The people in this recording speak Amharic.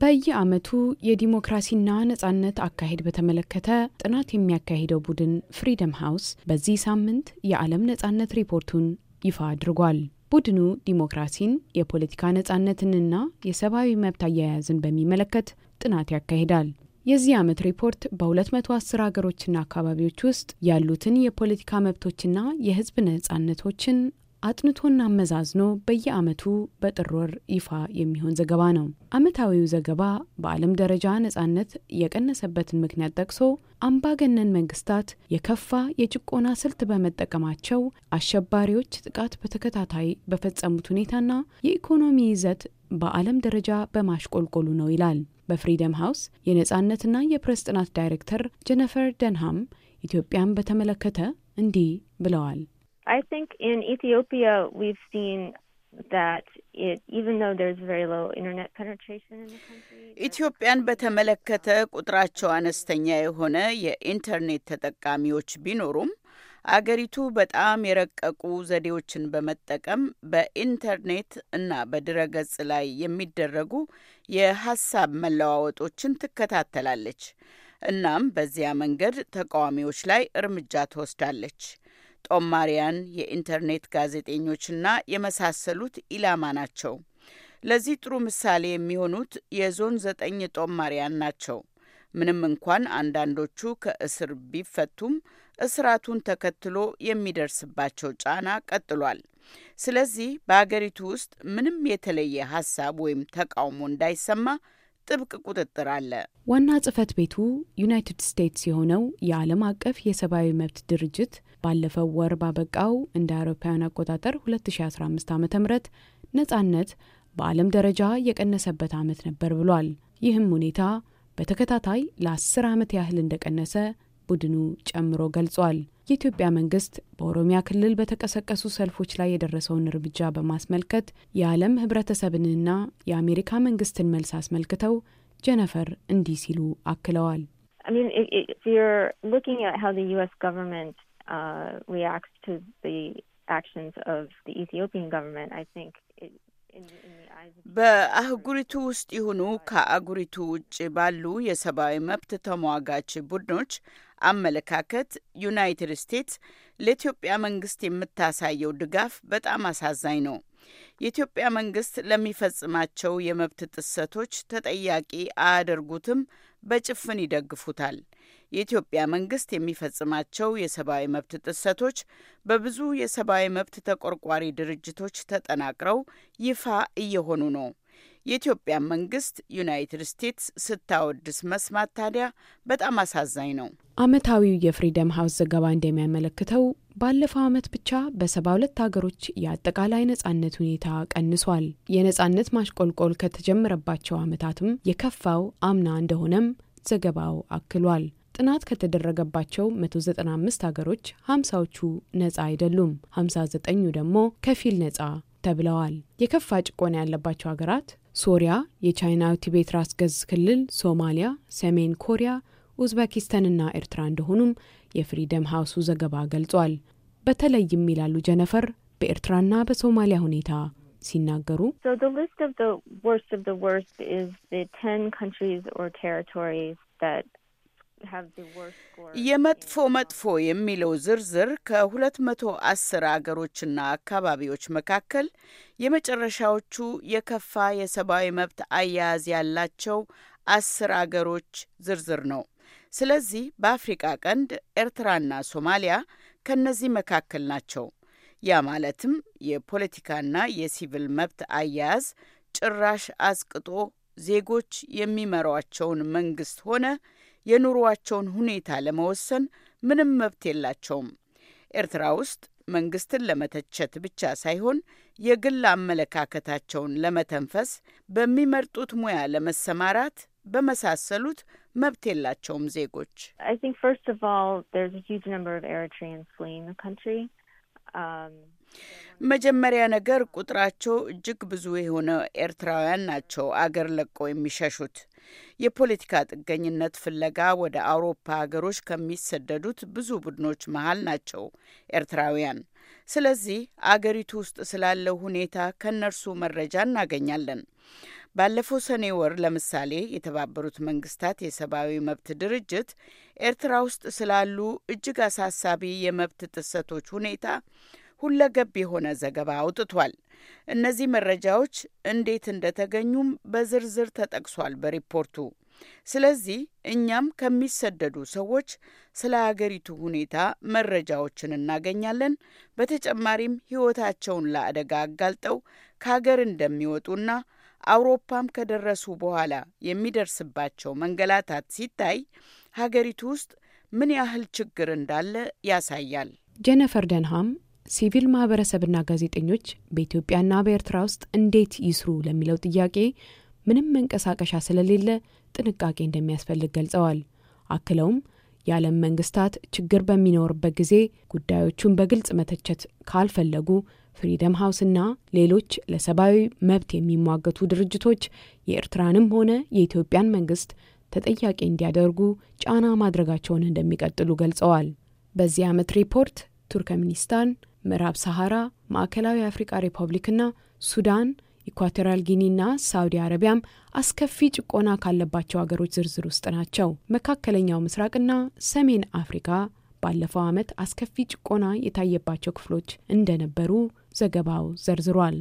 በየዓመቱ የዲሞክራሲና ነጻነት አካሄድ በተመለከተ ጥናት የሚያካሂደው ቡድን ፍሪደም ሃውስ በዚህ ሳምንት የዓለም ነጻነት ሪፖርቱን ይፋ አድርጓል። ቡድኑ ዲሞክራሲን፣ የፖለቲካ ነጻነትንና የሰብአዊ መብት አያያዝን በሚመለከት ጥናት ያካሂዳል። የዚህ ዓመት ሪፖርት በ210 ሀገሮችና አካባቢዎች ውስጥ ያሉትን የፖለቲካ መብቶችና የሕዝብ ነጻነቶችን አጥንቶና አመዛዝኖ በየዓመቱ በጥር ወር ይፋ የሚሆን ዘገባ ነው። ዓመታዊው ዘገባ በዓለም ደረጃ ነጻነት የቀነሰበትን ምክንያት ጠቅሶ አምባገነን መንግስታት የከፋ የጭቆና ስልት በመጠቀማቸው አሸባሪዎች ጥቃት በተከታታይ በፈጸሙት ሁኔታና የኢኮኖሚ ይዘት በዓለም ደረጃ በማሽቆልቆሉ ነው ይላል። በፍሪደም ሃውስ የነጻነትና የፕሬስ ጥናት ዳይሬክተር ጀነፈር ደንሃም ኢትዮጵያን በተመለከተ እንዲህ ብለዋል። I think in Ethiopia, we've seen that it, even though there's very low internet penetration in the country, ኢትዮጵያን በተመለከተ ቁጥራቸው አነስተኛ የሆነ የኢንተርኔት ተጠቃሚዎች ቢኖሩም አገሪቱ በጣም የረቀቁ ዘዴዎችን በመጠቀም በኢንተርኔት እና በድረገጽ ላይ የሚደረጉ የሀሳብ መለዋወጦችን ትከታተላለች። እናም በዚያ መንገድ ተቃዋሚዎች ላይ እርምጃ ትወስዳለች። ጦማሪያን፣ የኢንተርኔት ጋዜጠኞችና የመሳሰሉት ኢላማ ናቸው። ለዚህ ጥሩ ምሳሌ የሚሆኑት የዞን ዘጠኝ ጦማሪያን ናቸው። ምንም እንኳን አንዳንዶቹ ከእስር ቢፈቱም እስራቱን ተከትሎ የሚደርስባቸው ጫና ቀጥሏል። ስለዚህ በሀገሪቱ ውስጥ ምንም የተለየ ሀሳብ ወይም ተቃውሞ እንዳይሰማ ጥብቅ ቁጥጥር አለ። ዋና ጽህፈት ቤቱ ዩናይትድ ስቴትስ የሆነው የዓለም አቀፍ የሰብአዊ መብት ድርጅት ባለፈው ወር ባበቃው እንደ አውሮፓውያን አቆጣጠር 2015 ዓ ም ነጻነት በዓለም ደረጃ የቀነሰበት ዓመት ነበር ብሏል። ይህም ሁኔታ በተከታታይ ለአስር ዓመት ያህል እንደቀነሰ ቡድኑ ጨምሮ ገልጿል። የኢትዮጵያ መንግስት በኦሮሚያ ክልል በተቀሰቀሱ ሰልፎች ላይ የደረሰውን እርምጃ በማስመልከት የዓለም ህብረተሰብንና የአሜሪካ መንግስትን መልስ አስመልክተው ጀነፈር እንዲህ ሲሉ አክለዋል። uh, በአህጉሪቱ ውስጥ ይሁኑ ከአህጉሪቱ ውጭ ባሉ የሰብአዊ መብት ተሟጋች ቡድኖች አመለካከት ዩናይትድ ስቴትስ ለኢትዮጵያ መንግስት የምታሳየው ድጋፍ በጣም አሳዛኝ ነው። የኢትዮጵያ መንግስት ለሚፈጽማቸው የመብት ጥሰቶች ተጠያቂ አያደርጉትም፣ በጭፍን ይደግፉታል። የኢትዮጵያ መንግስት የሚፈጽማቸው የሰብአዊ መብት ጥሰቶች በብዙ የሰብአዊ መብት ተቆርቋሪ ድርጅቶች ተጠናቅረው ይፋ እየሆኑ ነው። የኢትዮጵያ መንግስት ዩናይትድ ስቴትስ ስታወድስ መስማት ታዲያ በጣም አሳዛኝ ነው። አመታዊው የፍሪደም ሀውስ ዘገባ እንደሚያመለክተው ባለፈው አመት ብቻ በሰባ ሁለት ሀገሮች የአጠቃላይ ነጻነት ሁኔታ ቀንሷል። የነጻነት ማሽቆልቆል ከተጀመረባቸው አመታትም የከፋው አምና እንደሆነም ዘገባው አክሏል። ጥናት ከተደረገባቸው 195 ሀገሮች 50ዎቹ ነጻ አይደሉም፣ 59ኙ ደግሞ ከፊል ነጻ ተብለዋል። የከፋ ጭቆና ያለባቸው ሀገራት ሶሪያ፣ የቻይናው ቲቤት ራስ ገዝ ክልል፣ ሶማሊያ፣ ሰሜን ኮሪያ፣ ኡዝቤኪስተንና ኤርትራ እንደሆኑም የፍሪደም ሀውሱ ዘገባ ገልጿል። በተለይም ይላሉ ጀነፈር በኤርትራና በሶማሊያ ሁኔታ ሲናገሩ የመጥፎ መጥፎ የሚለው ዝርዝር ከ210 አገሮችና አካባቢዎች መካከል የመጨረሻዎቹ የከፋ የሰብአዊ መብት አያያዝ ያላቸው አስር አገሮች ዝርዝር ነው። ስለዚህ በአፍሪቃ ቀንድ ኤርትራና ሶማሊያ ከነዚህ መካከል ናቸው። ያ ማለትም የፖለቲካና የሲቪል መብት አያያዝ ጭራሽ አስቅጦ ዜጎች የሚመሯቸውን መንግስት ሆነ የኑሯቸውን ሁኔታ ለመወሰን ምንም መብት የላቸውም። ኤርትራ ውስጥ መንግስትን ለመተቸት ብቻ ሳይሆን የግል አመለካከታቸውን ለመተንፈስ፣ በሚመርጡት ሙያ ለመሰማራት በመሳሰሉት መብት የላቸውም ዜጎች። መጀመሪያ ነገር ቁጥራቸው እጅግ ብዙ የሆነ ኤርትራውያን ናቸው አገር ለቀው የሚሸሹት። የፖለቲካ ጥገኝነት ፍለጋ ወደ አውሮፓ ሀገሮች ከሚሰደዱት ብዙ ቡድኖች መሀል ናቸው ኤርትራውያን። ስለዚህ አገሪቱ ውስጥ ስላለው ሁኔታ ከእነርሱ መረጃ እናገኛለን። ባለፈው ሰኔ ወር ለምሳሌ የተባበሩት መንግስታት የሰብአዊ መብት ድርጅት ኤርትራ ውስጥ ስላሉ እጅግ አሳሳቢ የመብት ጥሰቶች ሁኔታ ሁለገብ የሆነ ዘገባ አውጥቷል። እነዚህ መረጃዎች እንዴት እንደተገኙም በዝርዝር ተጠቅሷል በሪፖርቱ። ስለዚህ እኛም ከሚሰደዱ ሰዎች ስለ አገሪቱ ሁኔታ መረጃዎችን እናገኛለን። በተጨማሪም ሕይወታቸውን ለአደጋ አጋልጠው ከሀገር እንደሚወጡና አውሮፓም ከደረሱ በኋላ የሚደርስባቸው መንገላታት ሲታይ ሀገሪቱ ውስጥ ምን ያህል ችግር እንዳለ ያሳያል። ጄነፈር ደንሃም ሲቪል ማህበረሰብና ጋዜጠኞች በኢትዮጵያና በኤርትራ ውስጥ እንዴት ይስሩ ለሚለው ጥያቄ ምንም መንቀሳቀሻ ስለሌለ ጥንቃቄ እንደሚያስፈልግ ገልጸዋል። አክለውም የዓለም መንግስታት ችግር በሚኖርበት ጊዜ ጉዳዮቹን በግልጽ መተቸት ካልፈለጉ ፍሪደም ሀውስና ሌሎች ለሰብአዊ መብት የሚሟገቱ ድርጅቶች የኤርትራንም ሆነ የኢትዮጵያን መንግስት ተጠያቂ እንዲያደርጉ ጫና ማድረጋቸውን እንደሚቀጥሉ ገልጸዋል። በዚህ ዓመት ሪፖርት ቱርከሚኒስታን ምዕራብ ሰሐራ፣ ማዕከላዊ አፍሪቃ ሪፐብሊክና ሱዳን፣ ኢኳቶሪያል ጊኒና ሳውዲ አረቢያም አስከፊ ጭቆና ካለባቸው አገሮች ዝርዝር ውስጥ ናቸው። መካከለኛው ምስራቅና ሰሜን አፍሪካ ባለፈው ዓመት አስከፊ ጭቆና የታየባቸው ክፍሎች እንደነበሩ ዘገባው ዘርዝሯል።